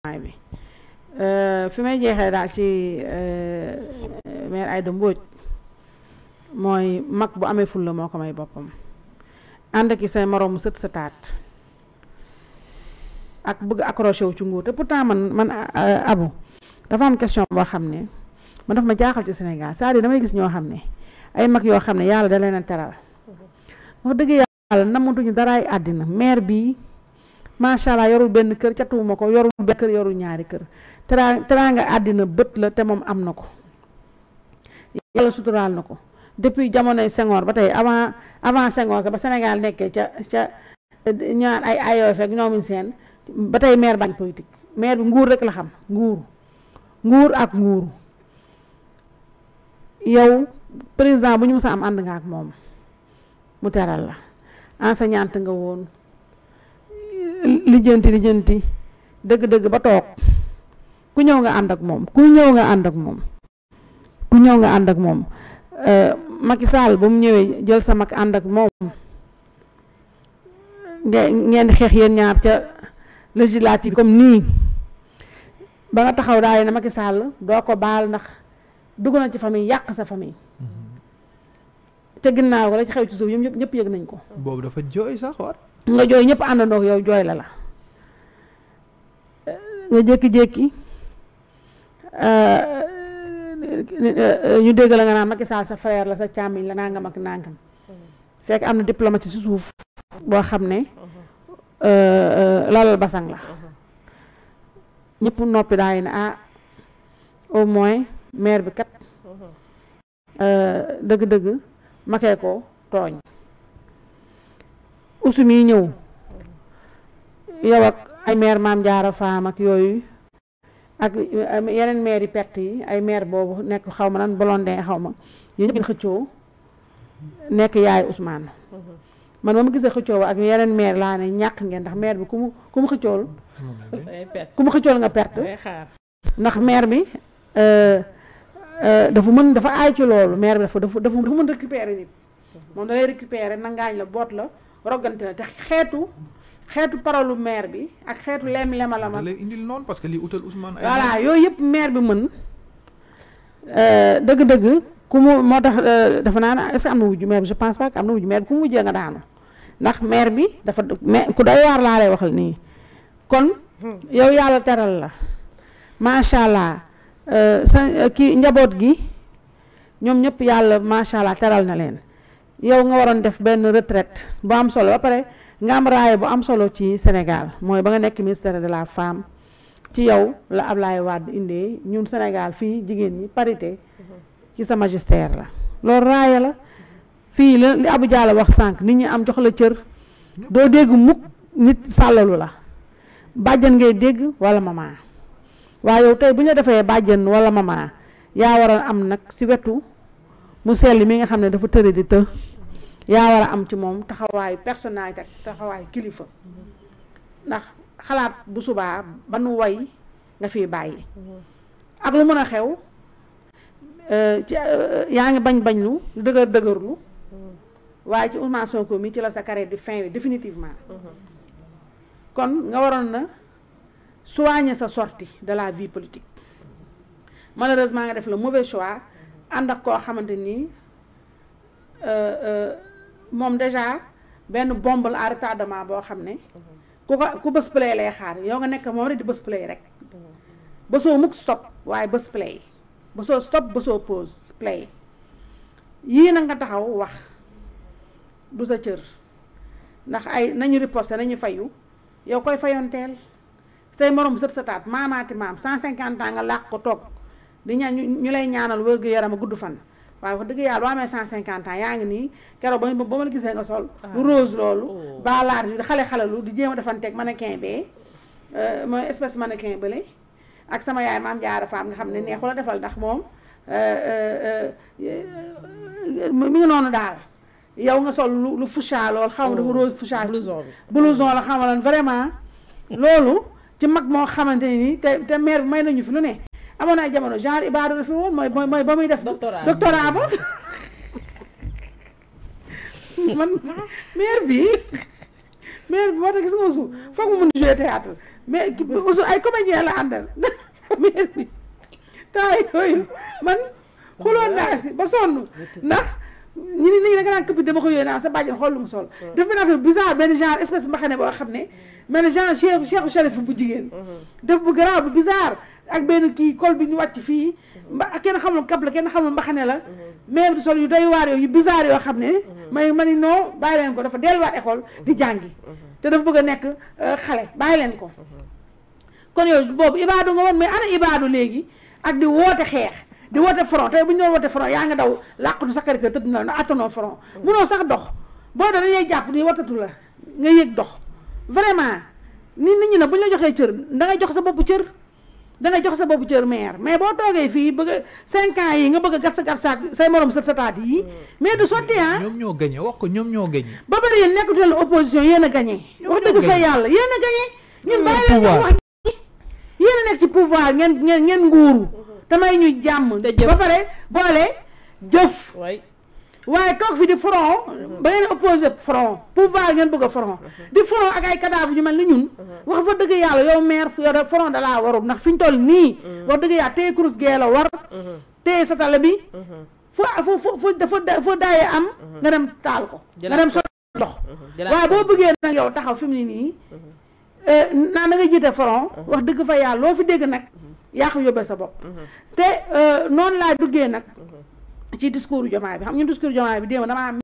bi euh, fi may jeexee daal ci euh, maire Aïda Mbodj mooy mag bu amee fulla moo ko may boppam ànd ak say moroom sët sa taat ak bëgg accroché wu ci nguur te pourtant man man euh, abu dafa am question boo xam ne man dafa ma jaaxal ci Sénégal cest à damay gis ñoo xam ne ay mag yoo xam ne yàlla da leen teral wax dëgg yàlla namatuñu daraay àddina maire bii macha allah yorul benn kër catuwuma ko yorul benn kër yorul ñaari kër tera teraanga àddina bët la te moom am na ko yàlla suturaal na ko depuis jamonoy sengoor ba tey avant avant Senghor sax ba Sénégal nekkee ca ca ñaan ay ayof ak ñoomin seen ba tey maire baa ngi politique maire bi nguur rek la xam nguur nguur ak nguuru yow président bu ñu mës a am ànd nga ak moom mu teral la enseignante nga woon lijeenti lijeenti deug deug ba tok ku ñew nga and ak mom ku ñew nga and ak mom ku ñew nga and ak euh Macky Sall bu mu ñewé jël sa mag and ak mom ngeen xex yeen ñaar ca législative comme ni ba nga taxaw daay na Macky Sall do ko baal nak dugg na ci famille yak sa famille mm-hmm. te ginnaw la ci xew ci suuf yëpp ñëpp yëg nañ ko. bobu dafa joy sax war. nga joy ñëpp andano ak yow joy la la. nga jékki-jékki euh, euh, ñu dégg la nga naan Macky sa frère la sa càmmiñ la nangam ak nangam fekk am na diplomate si suuf boo xam ne euh, lalal basang la ñëpp noppi daay ne ah au moins maire bi kat dëgg-dëgg makee ko tooñ usum yi ñëw yow ay maire maam jaara faam ak yooyu ak yeneen maire yi perte yi ay maire boobu nekk xaw ma nan Blondin xaw ma yi ñëpp xëccoo nekk yaay Ousmane man ba ma gisee xëccoo ak yeneen meer laa ne ñàkk ngeen ndax maire bi ku mu ku mu xëccool ku nga perte ndax maire bi euh, euh, dafa mën dafa aay ci loolu maire bi dafa dafa dafa mën récupérer nit moom da lay nangaañ la boot la roggante la te xeetu xeetu parolu maire bi ak xeetu lem lema ah, la ma. léegi indil noonu parce que li utal Ousmane. ay voilà yoy yep maire bi mën euh, dëgg deug ku mu motax euh, dafa naan ah, est-ce amna am maire je pense pas amna am maire ku nga daanu ndax maire bi dafa ku doy war la lay waxal ni kon yow yalla teral la macha allah euh, sa kii njaboot gi ñoom ñëpp yàlla macha allah teral na len yow nga waron def ben retraite bu am solo ba pare. nga am raaya bu am solo ci Sénégal mooy ba nga nekk ministère de la femme ci yow la Ablaye Wade indee ñun Sénégal fii jigéen ñi parité ci sa magistère la loolu raaya la fii la li Abou Diallo wax sànq nit ñi am jox la cër doo dégg mukk nit sàllalu la bàjjan ngay dégg wala mama waaye yow tey bu ñu defee bàjjan wala mama yaa waroon am nag si wetu mu sell mi nga xam ne dafa tëre di të ya wara am ci mom taxaway personnalité taxaway kilifa ndax xalaat bu suba ba way nga fi bàyyi ak lu meuna a xew euh, ci euh, yaa ngi bañ bañ lu deugar lu way ci Ousmane Sonko mi ci la sa carré di fin définitivement kon nga waron na soigner sa sortie de la vie politique malheureusement nga def le mauvais choix ànd ak xamanteni euh euh mom déjà ben bombe la ma retardement bo xamné ku ku bus play lay xaar yo nga nek mom di bus play rek bësoo muk stop way bus play bësoo stop bësoo pause play yi na nga taxaw wax du sa cër ndax ay nañu nañu fayu yo koy fayontel, say morom seut sa taat maamaati maam 150 ans nga làq ko toog di ñaan ñu lay ñaanal wërgu yaram guddu fan waaw wax dëgg yàlla boo amee cent cinquante ans yaa ngi nii keroog ba ba ma gisee nga sol ah. lu rose loolu oh. ba large bi xale xale lu di jéem a defanteeg bee euh, mooy espèce mannequin bële ak sama yaay maam jaara faam nga xam ne oh. neexu la defal ndax moom euh, euh, mi ngi noonu daal yow nga sol lu lu fuchaa lool xaw ma dafa oh. rose fuchaa blouson la xaw ma vraiment loolu ci mag moo xamante ni te te mère bi may nañu fi lu ne amoon na ay jamono genre Ibadou la fi woon mooy mooy mooy ba muy def. doctorat ba man maire bi maire bi moo tax gis nga Ousou foog mu mun jouer théâtre mais Ousou ay comédien la àndal maire bi temps yooyu man xuloon naa si ba sonn ndax ñi ni nit ñi da nga naan këpp dama ko yooyu naan sa bàjjen xool lu mu sol daf benn affaire bizarre benn genre espèce mbaxane boo xam ne mel ne genre Cheikh Cheikh Charif bu jigéen def bu garaaw bu bizarre ak benn kii col bi ñu wàcc fii mba kenn xamul kap la kenn xamul mbaxane la mais di sol yu doy waar yu bizarre yoo xam ne may ma ni non bàyyi leen ko dafa delluwaat école di jàngi te dafa bëgg a nekk euh, xale bàyyi leen ko kon yow boobu ibaadu nga woon mais ana ibaadu léegi ak di woote xeex di woote front tey bu ñu doon woote front yaa nga daw làqatu sa kër tëdd na la attanoo front munoo sax dox boo da dañuy jàpp ni watatu la nga yëg dox vraiment nit nit ñi nag bu ñu joxee cër da ngay jox sa bopp dana jox sa bobu cieur maire mais bo togué fi bëgg 5 ans yi nga bëgg gat sa gat sa say morom sa sataat yi mais du soti hein ah. ñom ñoo gagné wax ko ñom ñoo gagné ba bari yeen nekkutul opposition yeen a gagné wax deug fa yalla yeen a gagné ñun baye la wax yeen nek ci pouvoir ngeen ngeen ngeen nguuru tamay ñu jamm ba paré bolé jëf waaye toog fi di front ba ngeen opposé front pouvoir ngeen bëgg a front di front ak ay cadavre ñu mel ni ñun wax fa dëgg yàlla yow maire yow front warul ndax fi ñu toll nii wax dëgg yàlla téye kurus gee la war téye satala bi foo foo foo foo daayee am nga taal ko nga dem so waaye boo bëggee nag yow taxaw fi mu ne nii eh, naa na nga jiite front wax dëgg fa yàlla loo fi dégg nag yaa ko yóbbee sa bopp te eh, noonu laa duggee nag ci discours Diomaye bi xam ngeen discours Diomaye bi démb damaa